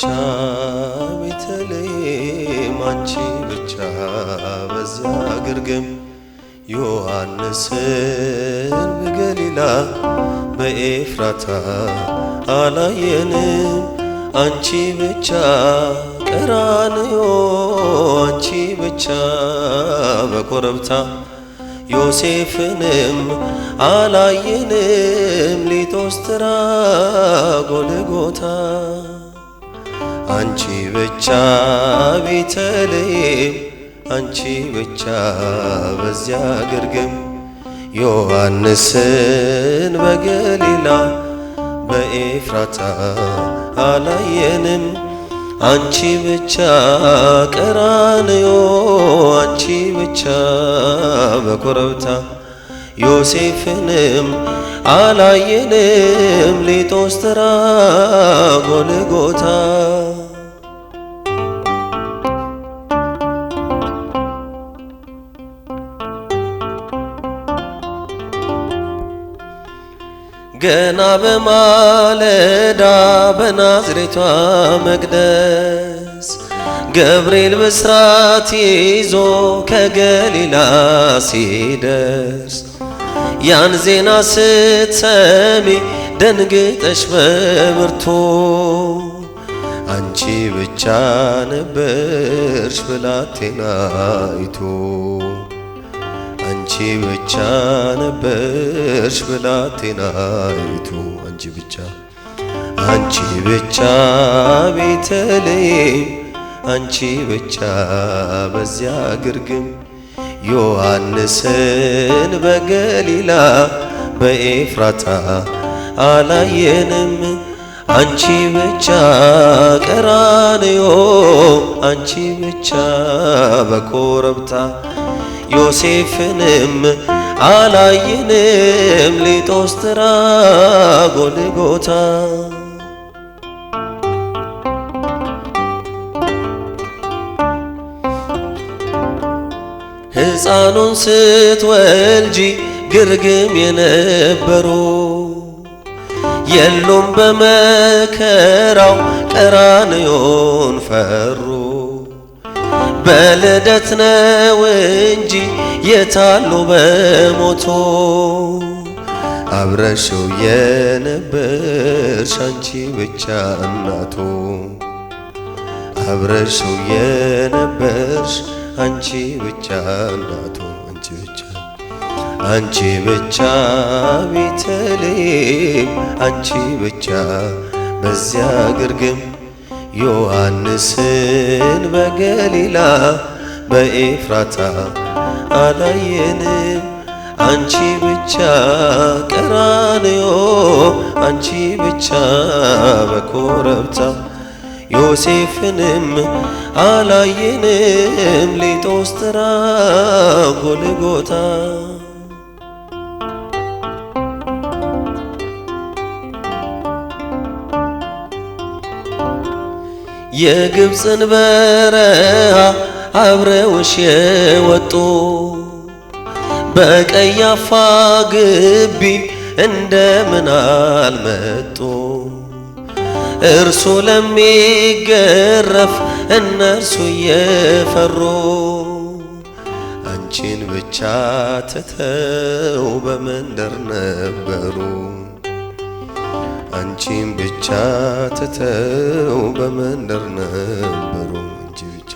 ብቻ ቤተልሔም አንቺ ብቻ በዚያ ግርግም ዮሐንስን በገሊላ በኤፍራታ አላየንም። አንቺ ብቻ ቀራንዮ አንቺ ብቻ በኮረብታ ዮሴፍንም አላየንም ሊቶስትራ ጎልጎታ አንቺ ብቻ ቤተልሔም አንቺ ብቻ በዚያ ግርግም ዮሐንስን በገሊላ በኤፍራታ አላየንም። አንቺ ብቻ ቀራንዮ አንቺ ብቻ በኮረብታ ዮሴፍንም አላየንም። ሊጦስትራ ጎልጎታ ገና በማለዳ በናዝሬቷ መቅደስ ገብርኤል ብስራት ይዞ ከገሊላ ሲደርስ ያን ዜና ስትሰሚ ደንግጠሽ በብርቱ አንቺ ብቻ ነበርሽ ብላቴናይቱ አንቺ ብቻ ነበርሽ ብላቴናይቱ አንቺ ብቻ አንቺ ብቻ ቤተልሔም አንቺ ብቻ በዚያ ግርግም ዮሐንስን በገሊላ በኤፍራታ አላየንም አንቺ ብቻ ቀራንዮ አንቺ ብቻ በኮረብታ ዮሴፍንም አላየንም ሊጦስትራ ጎልጎታ ሕፃኑን ስትወልጂ ግርግም የነበሩ የሉም በመከራው ቀራንዮን ፈሩ። በልደት ነው እንጂ የታሉ በሞቶ አብረሽው የነበርሽ አንቺ ብቻ እናቱ አብረሽው የነበርሽ አንቺ ብቻ እናቱ አንቺ ብቻ አንቺ ብቻ ቤተልሔም፣ አንቺ ብቻ በዚያ ግርግም ዮሐንስን በገሊላ በኤፍራታ አላየንም። አንቺ ብቻ ቀራንዮ፣ አንቺ ብቻ በኮረብታ ዮሴፍንም አላየንም። ሊጦስትራ ጎልጎታ የግብፅን በረሃ አብረውሽ የወጡ በቀያፋ ግቢ እንደምን አልመጡ? እርሱ ለሚገረፍ እነርሱ እየፈሩ አንቺን ብቻ ትተው በመንደር ነበሩ። አንቺም ብቻ ትተው በመንደር ነበሩ አንቺ